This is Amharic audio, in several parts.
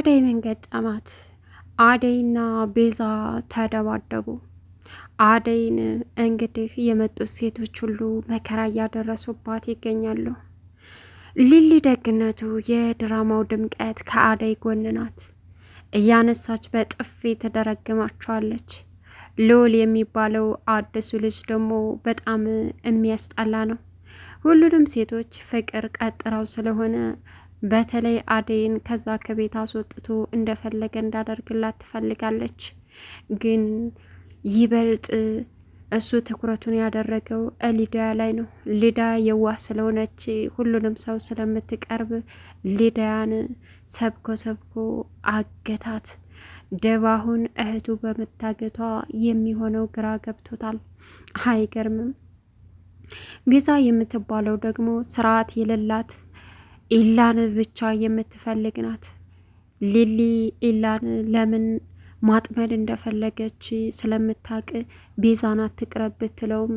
አደይ ምን ገጠማት? አደይና ቤዛ ተደባደቡ። አደይን እንግዲህ የመጡት ሴቶች ሁሉ መከራ እያደረሱባት ይገኛሉ። ሊሊ ደግነቱ የድራማው ድምቀት ከአደይ ጎን ናት። እያነሳች በጥፊ ተደረግማቸዋለች። ልዑል የሚባለው አዲሱ ልጅ ደግሞ በጣም የሚያስጠላ ነው። ሁሉንም ሴቶች ፍቅር ቀጥረው ስለሆነ በተለይ አደይን ከዛ ከቤት አስወጥቶ እንደፈለገ እንዳደርግላት ትፈልጋለች። ግን ይበልጥ እሱ ትኩረቱን ያደረገው ሊዳ ላይ ነው። ሊዳ የዋህ ስለሆነች ሁሉንም ሰው ስለምትቀርብ ሊዳያን ሰብኮ ሰብኮ አገታት። ደባሁን እህቱ በመታገቷ የሚሆነው ግራ ገብቶታል። አይገርምም። ቤዛ የምትባለው ደግሞ ስርዓት የሌላት ኢላን ብቻ የምትፈልግ ናት። ሊሊ ኢላን ለምን ማጥመድ እንደፈለገች ስለምታውቅ ቤዛን አትቅረብ ብትለውም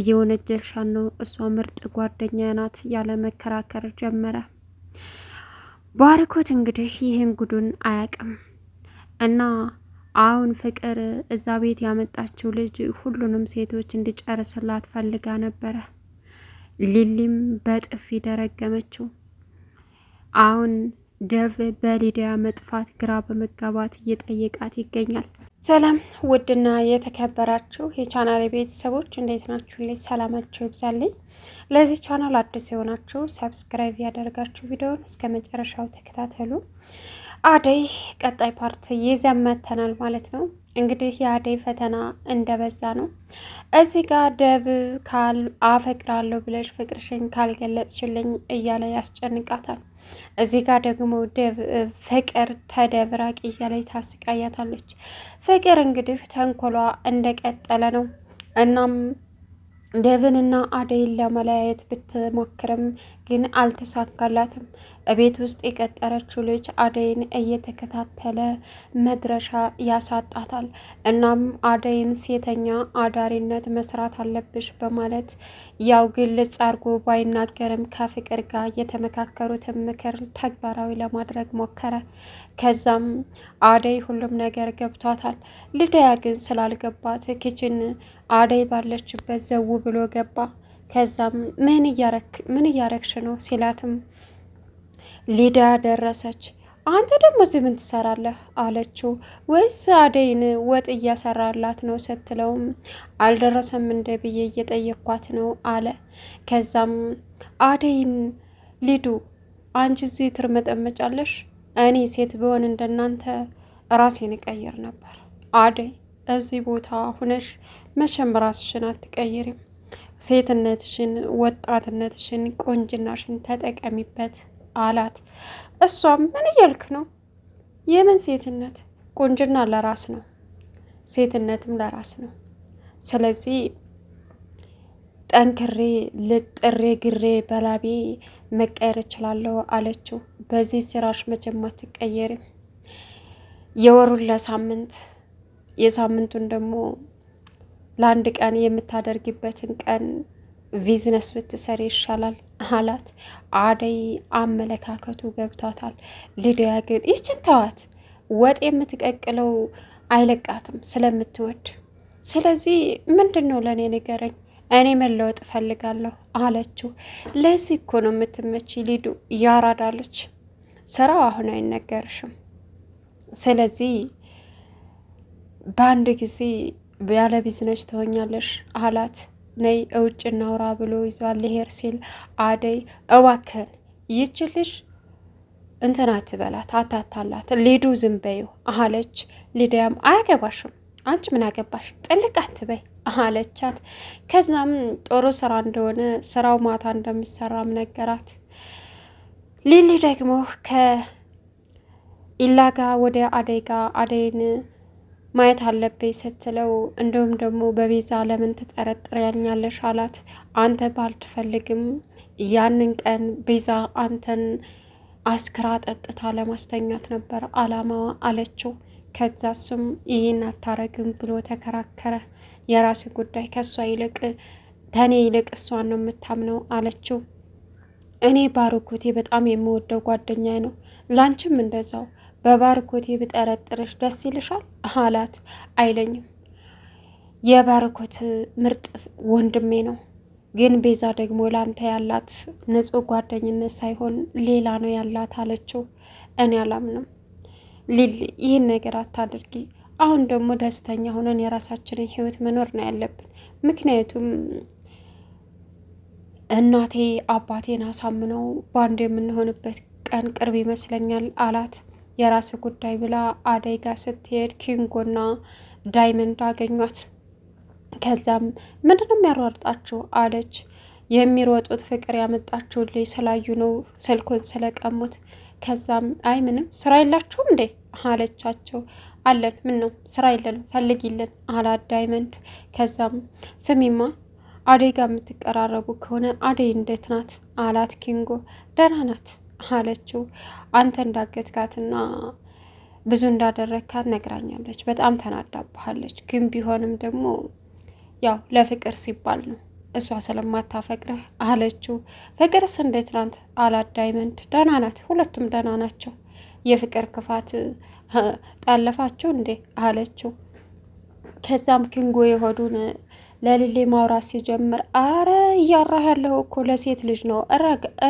እየወነጀልሻን ነው፣ እሷ ምርጥ ጓደኛ ናት ያለ መከራከር ጀመረ። ባርኮት እንግዲህ ይህን ጉዱን አያቅም። እና አሁን ፍቅር እዛ ቤት ያመጣችው ልጅ ሁሉንም ሴቶች እንዲጨርስላት ፈልጋ ነበረ። ሊሊም በጥፊ ደረገመችው። አሁን ደቭ በሊዲያ መጥፋት ግራ በመጋባት እየጠየቃት ይገኛል። ሰላም ውድና የተከበራችሁ የቻናል ቤተሰቦች እንዴት ናችሁ? ላይ ሰላማችሁ ይብዛልኝ። ለዚህ ቻናል አዲስ የሆናችሁ ሰብስክራይብ ያደርጋችሁ ቪዲዮውን እስከ መጨረሻው ተከታተሉ። አደይ ቀጣይ ፓርት ይዘመተናል ማለት ነው። እንግዲህ የአደይ ፈተና እንደበዛ ነው። እዚህ ጋር ደብ ካል አፈቅራለሁ ብለሽ ፍቅርሽን ካልገለጽሽልኝ እያለ ያስጨንቃታል። እዚህ ጋር ደግሞ ፍቅር ተደብራ ቅያላይ ታስቃያታለች። ፍቅር እንግዲህ ተንኮሏ እንደቀጠለ ነው። እናም ዴቭንና አደይን ለመለያየት ብትሞክርም ግን አልተሳካላትም። እቤት ውስጥ የቀጠረችው ልጅ አደይን እየተከታተለ መድረሻ ያሳጣታል። እናም አደይን ሴተኛ አዳሪነት መስራት አለብሽ በማለት ያው ግልጽ አርጎ ባይናገርም ከፍቅር ጋር የተመካከሩትን ምክር ተግባራዊ ለማድረግ ሞከረ። ከዛም አደይ ሁሉም ነገር ገብቷታል። ልደያ ግን ስላልገባት ክችን አደይ ባለችበት ዘው ብሎ ገባ። ከዛም ምን እያረክ ምን እያረክሽ ነው ሲላትም ሊዳ ደረሰች። አንተ ደግሞ እዚህ ምን ትሰራለህ አለችው። ወይስ አደይን ወጥ እያሰራላት ነው ስትለውም አልደረሰም እንደ ብዬ እየጠየኳት ነው አለ። ከዛም አደይን ሊዱ አንቺ እዚህ ትርመጠመጫለሽ፣ እኔ ሴት ብሆን እንደናንተ ራሴን እቀይር ነበር አደይ እዚህ ቦታ ሁነሽ መቼም ራስሽን አትቀይሪም። ሴትነትሽን፣ ወጣትነትሽን፣ ቆንጅናሽን ተጠቀሚበት አላት። እሷም ምን እያልክ ነው? የምን ሴትነት? ቁንጅና ለራስ ነው፣ ሴትነትም ለራስ ነው። ስለዚህ ጠንክሬ ልጥሬ ግሬ በላቤ መቀየር እችላለሁ አለችው። በዚህ ስራሽ መቼም አትቀየሪም። የወሩን ለሳምንት የሳምንቱን ደግሞ ለአንድ ቀን የምታደርግበትን ቀን ቢዝነስ ብትሰሪ ይሻላል አላት። አደይ አመለካከቱ ገብቷታል። ሊዲያ ግን ይችን ተዋት፣ ወጥ የምትቀቅለው አይለቃትም ስለምትወድ። ስለዚህ ምንድን ነው ለእኔ ንገረኝ፣ እኔ መለወጥ እፈልጋለሁ አለችው። ለዚህ እኮ ነው የምትመች ሊዱ ያራዳለች። ስራው አሁን አይነገርሽም። ስለዚህ በአንድ ጊዜ ያለ ቢዝነስ ትሆኛለሽ አላት። ነይ እውጭ እናውራ ብሎ ይዟል ሊሄድ ሲል አደይ እባክህን ይችልሽ እንትን አትበላት፣ አታታላት ሊዱ ዝም አለች። ሊዲያም አያገባሽም አንቺ ምን አገባሽ ጥልቅ አትበይ አለቻት። ከዛም ጥሩ ስራ እንደሆነ ስራው ማታ እንደሚሰራም ነገራት። ሊሊ ደግሞ ከኢላ ጋ ወደ አደይ ጋ አደይን ማየት አለብኝ ስትለው እንደውም ደግሞ በቤዛ ለምን ትጠረጥሪያኛለሽ አላት። አንተ ባልትፈልግም ያንን ቀን ቤዛ አንተን አስክራ ጠጥታ ለማስተኛት ነበር አላማዋ አለችው። ከዛ እሱም ይህን አታረግም ብሎ ተከራከረ። የራስ ጉዳይ ከእሷ ይልቅ ተኔ ይልቅ እሷን ነው የምታምነው አለችው። እኔ ባሩኩቴ በጣም የምወደው ጓደኛዬ ነው፣ ላንቺም እንደዛው በባርኮቴ ብጠረጥርሽ ደስ ይልሻል አላት። አይለኝም፣ የባርኮት ምርጥ ወንድሜ ነው። ግን ቤዛ ደግሞ ላንተ ያላት ንጹሕ ጓደኝነት ሳይሆን ሌላ ነው ያላት አለችው። እኔ አላምንም ሊል ይህን ነገር አታድርጊ። አሁን ደግሞ ደስተኛ ሆነን የራሳችንን ህይወት መኖር ነው ያለብን። ምክንያቱም እናቴ አባቴን አሳምነው በአንድ የምንሆንበት ቀን ቅርብ ይመስለኛል አላት። የራስ ጉዳይ ብላ አደይ ስትሄድ ኪንጎና ዳይመንድ አገኟት። ከዛም ምንድነው የሚያሯርጣችሁ አለች። የሚሮጡት ፍቅር ያመጣችሁ ልጅ ስላዩ ነው ስልኩን ስለቀሙት። ከዛም አይ ምንም ስራ የላችሁም እንዴ አለቻቸው። አለን ምን ነው ስራ የለን ፈልጊልን አላት ዳይመንድ። ከዛም ስሚማ አደይ ጋር የምትቀራረቡ ከሆነ አደይ እንዴት ናት አላት ኪንጎ። ደህና ናት አለችው። አንተ እንዳገትካትና ብዙ እንዳደረግካት ነግራኛለች። በጣም ተናዳብሃለች። ግን ቢሆንም ደግሞ ያው ለፍቅር ሲባል ነው እሷ ስለማታፈቅረህ አለችው። ፍቅርስ እንዴት ናት አላት ዳይመንድ። ደህና ናት፣ ሁለቱም ደህና ናቸው። የፍቅር ክፋት ጠለፋቸው እንዴ አለችው። ከዛም ኪንጎ የሆዱን ለሊሊ ማውራት ሲጀምር አረ እያራህ ያለው እኮ ለሴት ልጅ ነው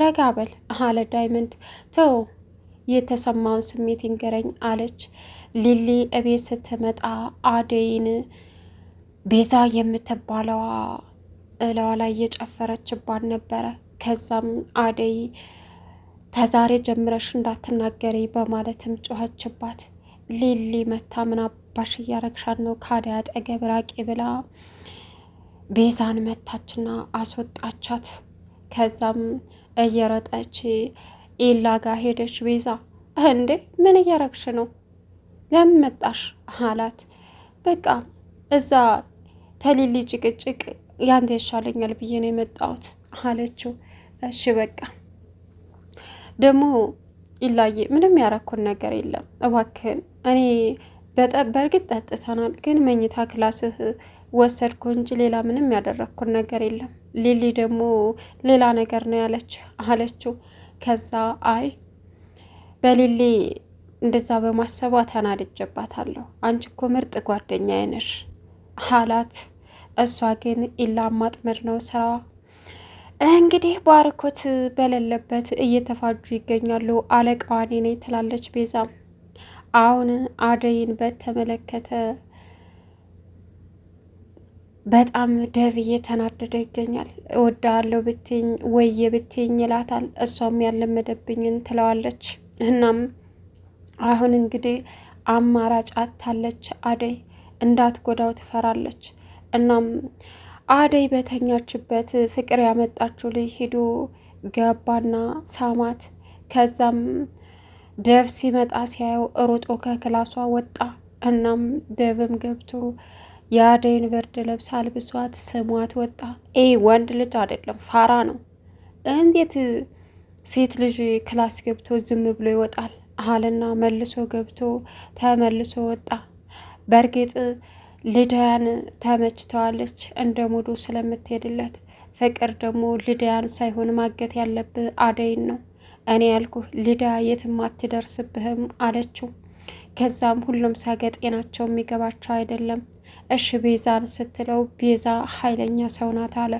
ረጋ በል አለ ዳይመንድ። ተው የተሰማውን ስሜት ይንገረኝ አለች ሊሊ። እቤት ስትመጣ አደይን ቤዛ የምትባለዋ እለዋ ላይ እየጨፈረችባት ነበረ። ከዛም አደይ ተዛሬ ጀምረሽ እንዳትናገሪ በማለትም ጮኸችባት። ሊሊ መታ ምን አባሽ እያረግሻት ነው? ካዲያ አጠገብ ራቂ ብላ ቤዛን መታችና አስወጣቻት። ከዛም እየሮጠች ኢላ ጋር ሄደች። ቤዛ እንዴ ምን እያረግሽ ነው? ለምን መጣሽ? አላት። በቃ እዛ ተሊሊ ጭቅጭቅ ያንተ ይሻለኛል ብዬ ነው የመጣሁት አለችው። እሺ በቃ ደግሞ ኢላዬ ምንም ያረኩን ነገር የለም እባክህን እኔ በእርግጥ ጠጥተናል፣ ግን መኝታ ክላስህ ወሰድኩ እንጂ ሌላ ምንም ያደረግኩን ነገር የለም። ሊሊ ደግሞ ሌላ ነገር ነው ያለች አለችው። ከዛ አይ በሊሊ እንደዛ በማሰቧ ተናድጄባታለሁ። አንቺ እኮ ምርጥ ጓደኛ ነሽ አላት። እሷ ግን ኢላ ማጥመድ ነው ስራዋ። እንግዲህ ባርኮት በሌለበት እየተፋጁ ይገኛሉ። አለቃዋ እኔ ነኝ ትላለች ቤዛም። አሁን አደይን በተመለከተ በጣም ደብ እየተናደደ ይገኛል። እወዳለሁ ብትኝ ወየ ብትኝ ይላታል። እሷም ያለመደብኝን ትለዋለች። እናም አሁን እንግዲህ አማራጭ አታለች። አደይ እንዳትጎዳው ትፈራለች። እናም አደይ በተኛችበት ፍቅር ያመጣችው ልጅ ሂዶ ገባና ሳማት። ከዛም ደብ ሲመጣ ሲያየው ሩጦ ከክላሷ ወጣ። እናም ደብም ገብቶ የአደይን ብርድ ልብስ አልብሷት ስሟት ወጣ። ይሄ ወንድ ልጅ አይደለም ፋራ ነው። እንዴት ሴት ልጅ ክላስ ገብቶ ዝም ብሎ ይወጣል? አህልና መልሶ ገብቶ ተመልሶ ወጣ። በእርግጥ ልዳያን ተመችተዋለች እንደ ሙዱ ስለምትሄድለት። ፍቅር ደግሞ ልዳያን ሳይሆን ማገት ያለብህ አደይን ነው። እኔ ያልኩህ ልዳ የትም አትደርስብህም አለችው። ከዛም ሁሉም ሳገ ጤናቸው የሚገባቸው አይደለም። እሺ ቤዛን ስትለው ቤዛ ኃይለኛ ሰው ናት አለ።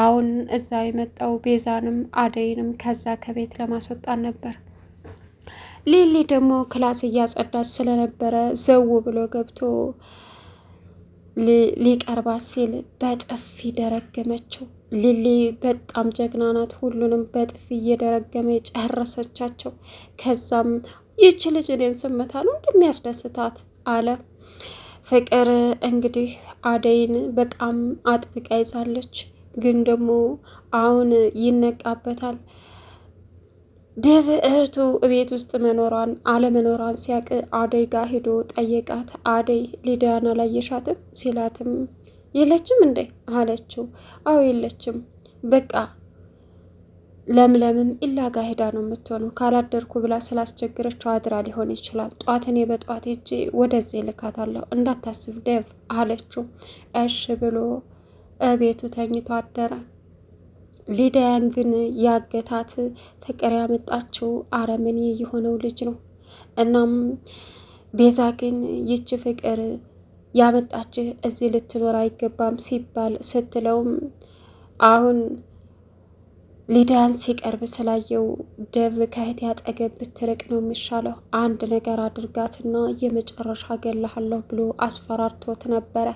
አሁን እዛ የመጣው ቤዛንም አደይንም ከዛ ከቤት ለማስወጣት ነበር። ሊሊ ደግሞ ክላስ እያጸዳች ስለነበረ ዘው ብሎ ገብቶ ሊቀርባት ሲል በጥፊ ደረገመችው። ሊሊ በጣም ጀግና ናት። ሁሉንም በጥፊ እየደረገመ የጨረሰቻቸው ከዛም ይች ልጅ እኔን ስመታሉ እንደሚያስደስታት አለ። ፍቅር እንግዲህ አደይን በጣም አጥብቃ ይዛለች። ግን ደግሞ አሁን ይነቃበታል። ድብ እህቱ ቤት ውስጥ መኖሯን አለመኖሯን ሲያቅ አደይ ጋ ሂዶ ጠየቃት። አደይ ሊዲያን አላየሻትም ሲላትም የለችም እንዴ አለችው። አዎ የለችም በቃ ለምለምም ኢላ ጋ ሄዳ ነው የምትሆነው። ካላደርኩ ብላ ስላስቸግረችው አድራ ሊሆን ይችላል። ጧት እኔ በጧት ሄጄ ወደዚህ ልካታለሁ እንዳታስብ ደብ አለችው። እሽ ብሎ እቤቱ ተኝቶ አደረ። ሊዲያን ግን ያገታት ፍቅር ያመጣችው አረመኔ የሆነው ልጅ ነው። እናም ቤዛ ግን ይች ፍቅር ያመጣችህ እዚህ ልትኖር አይገባም ሲባል ስትለውም አሁን ሊዳያን ሲቀርብ ስላየው ደብ ከእህቴ አጠገብ ብትርቅ ነው የሚሻለው፣ አንድ ነገር አድርጋትና የመጨረሻ ገላሃለሁ ብሎ አስፈራርቶት ነበረ።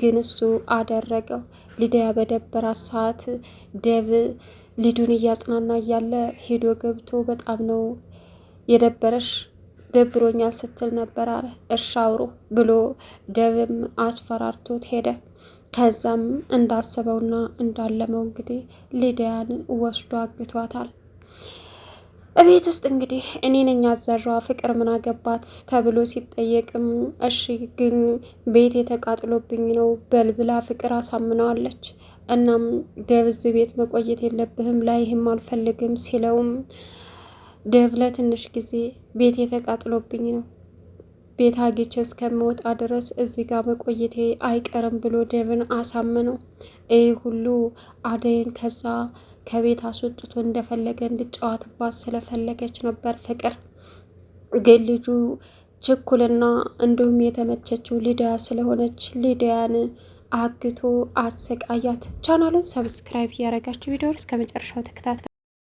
ግን እሱ አደረገው። ሊዳያ በደበራት ሰዓት ደብ ሊዱን እያጽናና እያለ ሄዶ ገብቶ በጣም ነው የደበረሽ ደብሮኛል ስትል ነበር አለ። እርሻ አውሮ ብሎ ደብም አስፈራርቶት ሄደ። ከዛም እንዳሰበውና እንዳለመው እንግዲህ ሊዲያን ወስዶ አግቷታል። እቤት ውስጥ እንግዲህ እኔ ነኝ አዘሯ ፍቅር ምን አገባት ተብሎ ሲጠየቅም እሺ ግን ቤት የተቃጥሎብኝ ነው በልብላ ፍቅር አሳምነዋለች። እናም ደብዝ ቤት መቆየት የለብህም ላይህም አልፈልግም ሲለውም ደብለ ትንሽ ጊዜ ቤት የተቃጥሎብኝ ነው ቤት አግኝቼ እስከምወጣ ድረስ እዚህ ጋር መቆየቴ አይቀርም ብሎ ዴቭን አሳምነው ይህ ሁሉ አደይን ከዛ ከቤት አስወጥቶ እንደፈለገ እንድጫወትባት ስለፈለገች ነበር ፍቅር። ግን ልጁ ችኩልና እንዲሁም የተመቸችው ሊዲያ ስለሆነች ሊዲያን አግቶ አሰቃያት። ቻናሉን ሰብስክራይብ እያደረጋችሁ ቪዲዮ እስከ መጨረሻው ተከታተሉ።